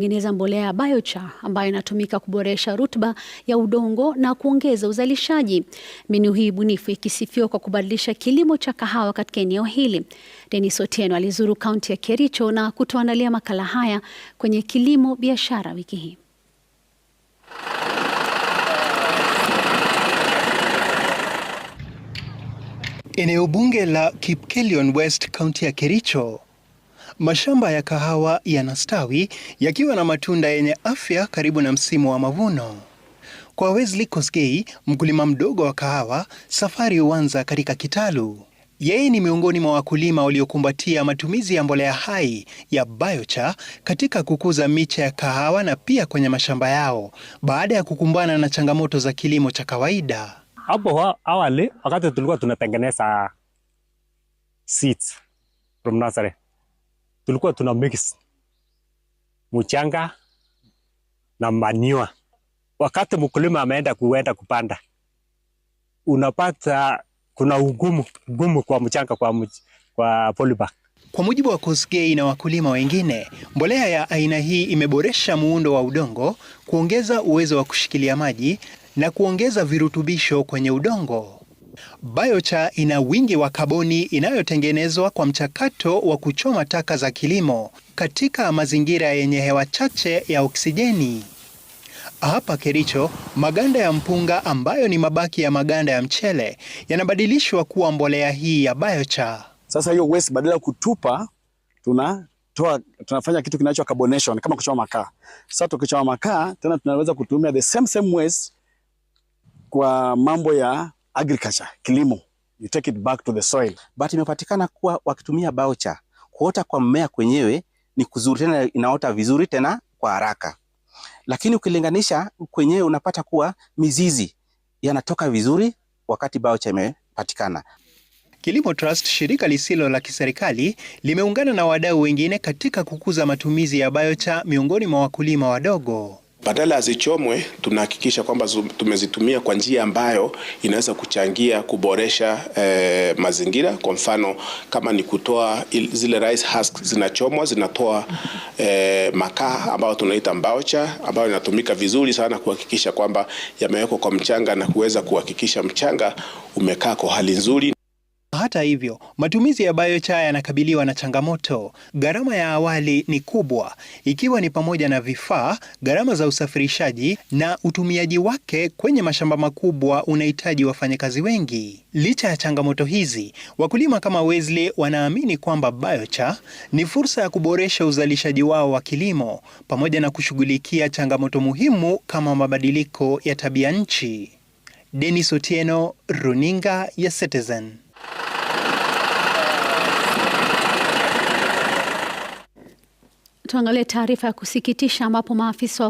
kutengeneza mbolea ya biochar ambayo inatumika kuboresha rutuba ya udongo na kuongeza uzalishaji. Mbinu hii bunifu ikisifiwa kwa kubadilisha kilimo cha kahawa katika eneo hili. Denis Otieno alizuru kaunti ya Kericho na kutuandalia makala haya kwenye Kilimo Biashara wiki hii. Eneo bunge la Kipkelion West, kaunti ya Kericho Mashamba ya kahawa yanastawi yakiwa na matunda yenye afya karibu na msimu wa mavuno. Kwa Wesley Kosgei, mkulima mdogo wa kahawa, safari huanza katika kitalu. Yeye ni miongoni mwa wakulima waliokumbatia matumizi ya mbolea hai ya biochar katika kukuza miche ya kahawa na pia kwenye mashamba yao baada ya kukumbana na changamoto za kilimo cha kawaida. Hapo awali wakati tulikuwa tunatengeneza seeds from nursery tulikuwa tuna mix mchanga na manure. Wakati mkulima ameenda kuenda kupanda, unapata kuna ugumu ugumu kwa mchanga kwa, mch kwa polybag. Kwa mujibu wa Kosgei na wakulima wengine, mbolea ya aina hii imeboresha muundo wa udongo, kuongeza uwezo wa kushikilia maji na kuongeza virutubisho kwenye udongo. Biochar ina wingi wa kaboni inayotengenezwa kwa mchakato wa kuchoma taka za kilimo katika mazingira yenye hewa chache ya oksijeni. Hapa Kericho, maganda ya mpunga ambayo ni mabaki ya maganda ya mchele yanabadilishwa kuwa mbolea hii ya biochar. Sasa hiyo waste badala ya kutupa tuna toa, tunafanya kitu kinachoitwa carbonation kama kuchoma makaa. Sasa tukichoma makaa tena tunaweza kutumia the same same waste kwa mambo ya agriculture kilimo, you take it back to the soil. But imepatikana kuwa wakitumia baucha, kuota kwa mmea kwenyewe ni kuzuri, tena inaota vizuri tena kwa haraka, lakini ukilinganisha kwenyewe unapata kuwa mizizi yanatoka vizuri wakati baucha imepatikana. Kilimo Trust, shirika lisilo la kiserikali, limeungana na wadau wengine katika kukuza matumizi ya biochar miongoni mwa wakulima wadogo badala ya zichomwe, tunahakikisha kwamba tumezitumia kwa njia ambayo inaweza kuchangia kuboresha eh, mazingira. Kwa mfano kama ni kutoa zile rice husk zinachomwa, zinatoa eh, makaa ambayo tunaita mbaocha ambayo inatumika vizuri sana kuhakikisha kwamba yamewekwa kwa mchanga na kuweza kuhakikisha mchanga umekaa kwa hali nzuri. Hata hivyo, matumizi ya biochar yanakabiliwa na changamoto. Gharama ya awali ni kubwa, ikiwa ni pamoja na vifaa, gharama za usafirishaji na utumiaji wake kwenye mashamba makubwa unahitaji wafanyakazi wengi. Licha ya changamoto hizi, wakulima kama Wesley wanaamini kwamba biochar ni fursa ya kuboresha uzalishaji wao wa kilimo pamoja na kushughulikia changamoto muhimu kama mabadiliko ya tabia nchi. Dennis Otieno, Runinga ya Citizen. Tuangalie taarifa ya kusikitisha ambapo maafisa wa